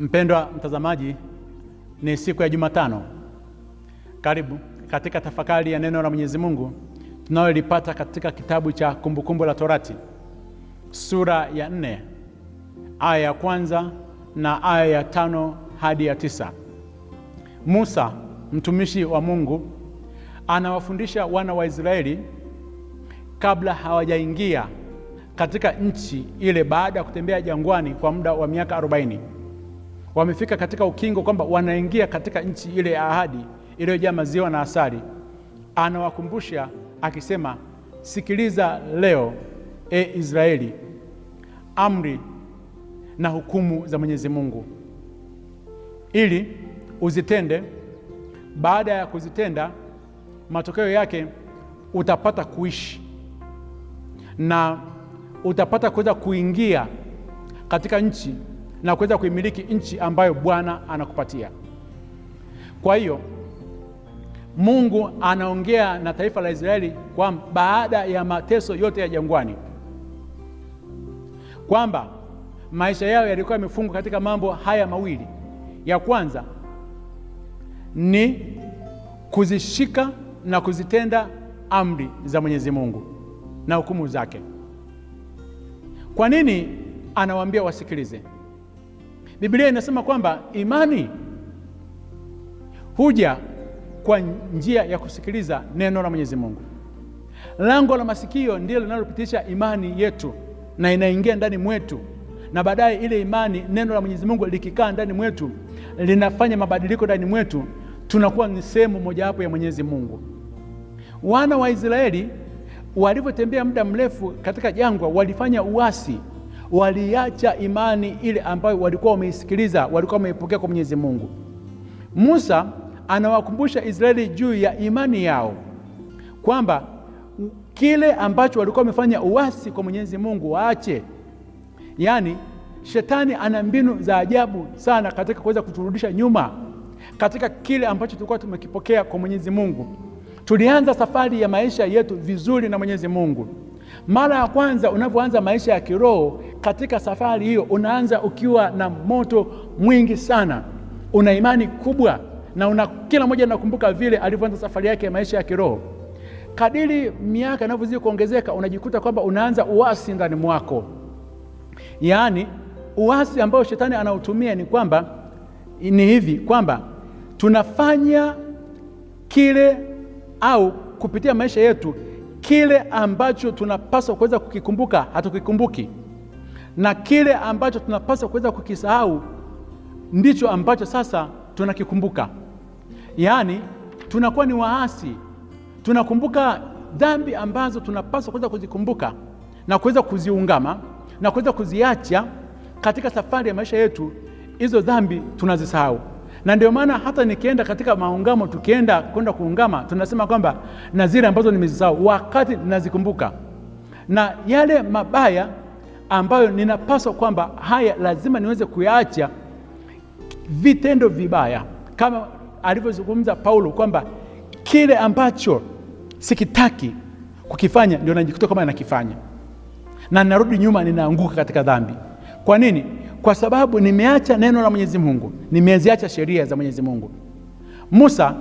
Mpendwa mtazamaji, ni siku ya Jumatano. Karibu katika tafakari ya neno la Mwenyezi Mungu tunalolipata katika kitabu cha Kumbukumbu la Torati sura ya nne aya ya kwanza na aya ya tano hadi ya tisa. Musa mtumishi wa Mungu anawafundisha wana wa Israeli kabla hawajaingia katika nchi ile baada ya kutembea jangwani kwa muda wa miaka arobaini wamefika katika ukingo kwamba wanaingia katika nchi ile ya ahadi iliyojaa maziwa na asali, anawakumbusha akisema, sikiliza leo e Israeli, amri na hukumu za Mwenyezi Mungu ili uzitende. Baada ya kuzitenda, matokeo yake utapata kuishi na utapata kuweza kuingia katika nchi na kuweza kuimiliki nchi ambayo Bwana anakupatia. Kwa hiyo Mungu anaongea na taifa la Israeli kwa baada ya mateso yote ya jangwani, kwamba maisha yao yalikuwa yamefungwa katika mambo haya mawili. Ya kwanza ni kuzishika na kuzitenda amri za Mwenyezi Mungu na hukumu zake. Kwa nini anawaambia wasikilize? Biblia inasema kwamba imani huja kwa njia ya kusikiliza neno la Mwenyezi Mungu. Lango la masikio ndilo linalopitisha imani yetu na inaingia ndani mwetu, na baadaye ile imani, neno la Mwenyezi Mungu likikaa ndani mwetu, linafanya mabadiliko ndani mwetu, tunakuwa ni sehemu mojawapo ya Mwenyezi Mungu. Wana wa Israeli walivyotembea muda mrefu katika jangwa, walifanya uasi waliacha imani ile ambayo walikuwa wameisikiliza, walikuwa wameipokea kwa Mwenyezi Mungu. Musa anawakumbusha Israeli juu ya imani yao kwamba kile ambacho walikuwa wamefanya uasi kwa Mwenyezi Mungu waache. Yaani, shetani ana mbinu za ajabu sana katika kuweza kuturudisha nyuma katika kile ambacho tulikuwa tumekipokea kwa Mwenyezi Mungu. Tulianza safari ya maisha yetu vizuri na Mwenyezi Mungu mara ya kwanza unapoanza maisha ya kiroho katika safari hiyo, unaanza ukiwa na moto mwingi sana, una imani kubwa na una, kila mmoja anakumbuka vile alivyoanza safari yake ya maisha ya kiroho. Kadiri miaka inavyozidi kuongezeka, unajikuta kwamba unaanza uasi ndani mwako, yaani uasi ambao shetani anautumia ni kwamba ni hivi kwamba tunafanya kile au kupitia maisha yetu Kile ambacho tunapaswa kuweza kukikumbuka hatukikumbuki, na kile ambacho tunapaswa kuweza kukisahau ndicho ambacho sasa tunakikumbuka. Yaani tunakuwa ni waasi, tunakumbuka dhambi ambazo tunapaswa kuweza kuzikumbuka na kuweza kuziungama na kuweza kuziacha katika safari ya maisha yetu. Hizo dhambi tunazisahau na ndio maana hata nikienda katika maungamo, tukienda kwenda kuungama, tunasema kwamba na zile ambazo nimezisahau wakati ninazikumbuka, na yale mabaya ambayo ninapaswa kwamba haya lazima niweze kuyaacha, vitendo vibaya, kama alivyozungumza Paulo kwamba kile ambacho sikitaki kukifanya ndio najikuta kama nakifanya na narudi nyuma, ninaanguka katika dhambi. Kwa nini? kwa sababu nimeacha neno la Mwenyezi Mungu, nimeziacha sheria za Mwenyezi Mungu. Musa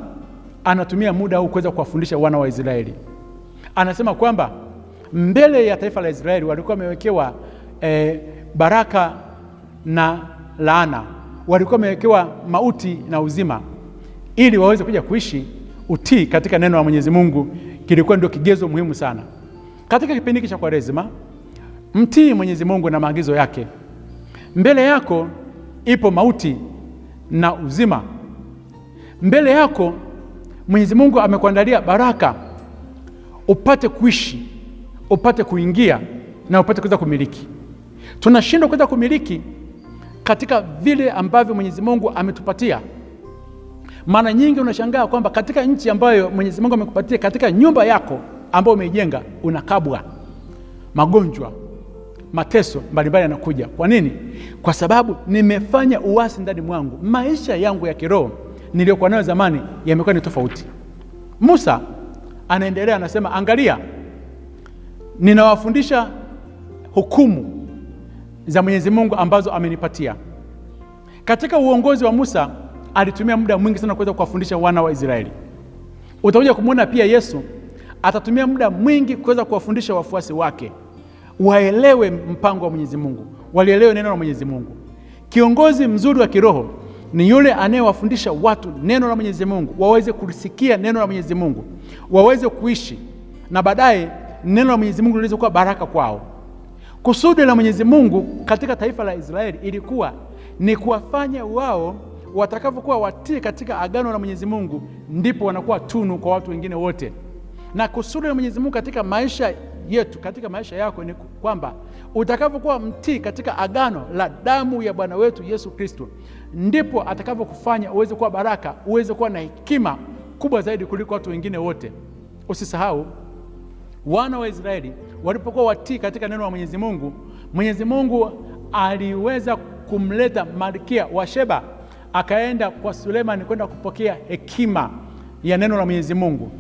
anatumia muda huu kuweza kuwafundisha wana wa Israeli. Anasema kwamba mbele ya taifa la Israeli walikuwa wamewekewa e, baraka na laana, walikuwa wamewekewa mauti na uzima, ili waweze kuja kuishi utii katika neno la Mwenyezi Mungu. Kilikuwa ndio kigezo muhimu sana katika kipindi hiki cha Kwaresima, mtii Mwenyezi Mungu na maagizo yake. Mbele yako ipo mauti na uzima. Mbele yako Mwenyezi Mungu amekuandalia baraka, upate kuishi, upate kuingia na upate kuweza kumiliki. Tunashindwa kuweza kumiliki katika vile ambavyo Mwenyezi Mungu ametupatia. Mara nyingi unashangaa kwamba katika nchi ambayo Mwenyezi Mungu amekupatia, katika nyumba yako ambayo umeijenga, unakabwa magonjwa mateso mbalimbali yanakuja. Kwa nini? Kwa sababu nimefanya uasi ndani mwangu. Maisha yangu ya kiroho niliyokuwa nayo zamani yamekuwa ni tofauti. Musa anaendelea anasema, angalia, ninawafundisha hukumu za Mwenyezi Mungu ambazo amenipatia. Katika uongozi wa Musa alitumia muda mwingi sana kuweza kuwafundisha wana wa Israeli. Utakuja kumwona pia Yesu atatumia muda mwingi kuweza kuwafundisha wafuasi wake waelewe mpango wa Mwenyezi Mungu, walielewe neno la Mwenyezi Mungu. Kiongozi mzuri wa kiroho ni yule anayewafundisha watu neno la Mwenyezi Mungu, waweze kulisikia neno la Mwenyezi Mungu, waweze kuishi na baadaye neno la Mwenyezi Mungu liweze kuwa baraka kwao. Kusudi la Mwenyezi Mungu katika taifa la Israeli ilikuwa ni kuwafanya wao watakavyokuwa watii katika agano la Mwenyezi Mungu, ndipo wanakuwa tunu kwa watu wengine wote. Na kusudi la Mwenyezi Mungu katika maisha yetu katika maisha yako ni kwamba utakavyokuwa mtii katika agano la damu ya Bwana wetu Yesu Kristo, ndipo atakavyokufanya uweze kuwa baraka, uweze kuwa na hekima kubwa zaidi kuliko watu wengine wote. Usisahau wana wa Israeli walipokuwa watii katika neno la Mwenyezi Mungu, Mwenyezi Mungu aliweza kumleta malkia wa Sheba akaenda kwa Sulemani kwenda kupokea hekima ya neno la Mwenyezi Mungu,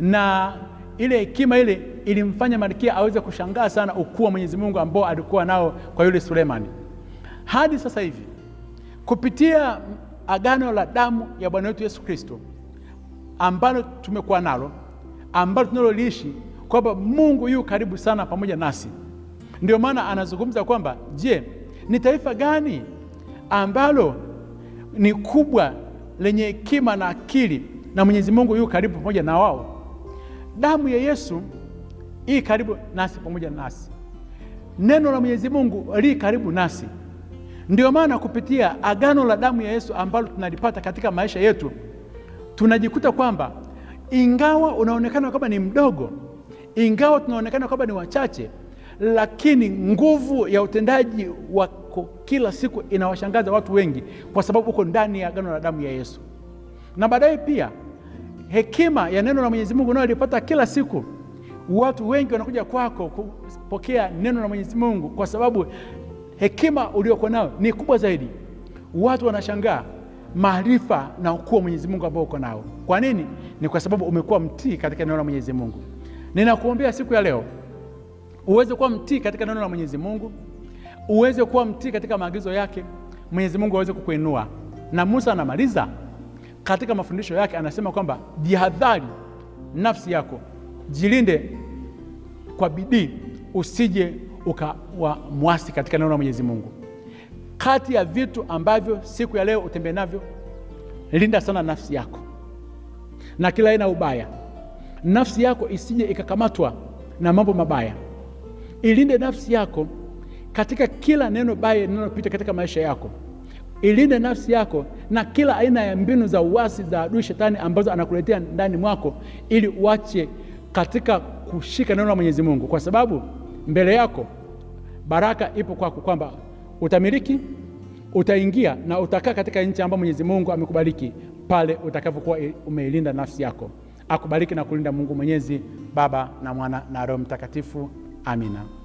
na ile hekima ile ilimfanya malkia aweze kushangaa sana ukuu wa Mwenyezi Mungu ambao alikuwa nao kwa yule Sulemani. Hadi sasa hivi kupitia agano la damu ya Bwana wetu Yesu Kristo ambalo tumekuwa nalo, ambalo tunaloliishi, kwamba Mungu yu karibu sana pamoja nasi. Ndio maana anazungumza kwamba je, ni taifa gani ambalo ni kubwa lenye hekima na akili na Mwenyezi Mungu yu karibu pamoja na wao? Damu ya Yesu i karibu nasi pamoja nasi. Neno la Mwenyezi Mungu li karibu nasi. Ndio maana kupitia agano la damu ya Yesu ambalo tunalipata katika maisha yetu, tunajikuta kwamba ingawa unaonekana kwamba ni mdogo, ingawa tunaonekana kwamba ni wachache, lakini nguvu ya utendaji wako kila siku inawashangaza watu wengi, kwa sababu uko ndani ya agano la damu ya Yesu. Na baadaye pia hekima ya neno la Mwenyezi Mungu unayolipata kila siku Watu wengi wanakuja kwako kupokea neno la Mwenyezi Mungu kwa sababu hekima uliokuwa nayo ni kubwa zaidi. Watu wanashangaa maarifa na ukuu wa Mwenyezi Mungu ambao uko nao. Kwa nini? Ni kwa sababu umekuwa mtii katika neno la Mwenyezi Mungu. Ninakuombea siku ya leo uweze kuwa mtii katika neno la Mwenyezi Mungu, uweze kuwa mtii katika maagizo yake, Mwenyezi Mungu aweze kukuinua. Na Musa anamaliza katika mafundisho yake, anasema kwamba jihadhari nafsi yako jilinde kwa bidii usije ukawa mwasi katika neno la Mwenyezi Mungu. Kati ya vitu ambavyo siku ya leo utembee navyo, linda sana nafsi yako na kila aina ubaya. Nafsi yako isije ikakamatwa na mambo mabaya. Ilinde nafsi yako katika kila neno baya linalopita katika maisha yako. Ilinde nafsi yako na kila aina ya mbinu za uasi za adui shetani ambazo anakuletea ndani mwako, ili uache katika kushika neno la Mwenyezi Mungu, kwa sababu mbele yako baraka ipo kwako, kwamba utamiliki, utaingia na utakaa katika nchi ambayo Mwenyezi Mungu amekubariki pale utakapokuwa umeilinda nafsi yako. Akubariki na kulinda Mungu Mwenyezi, Baba na Mwana na Roho Mtakatifu. Amina.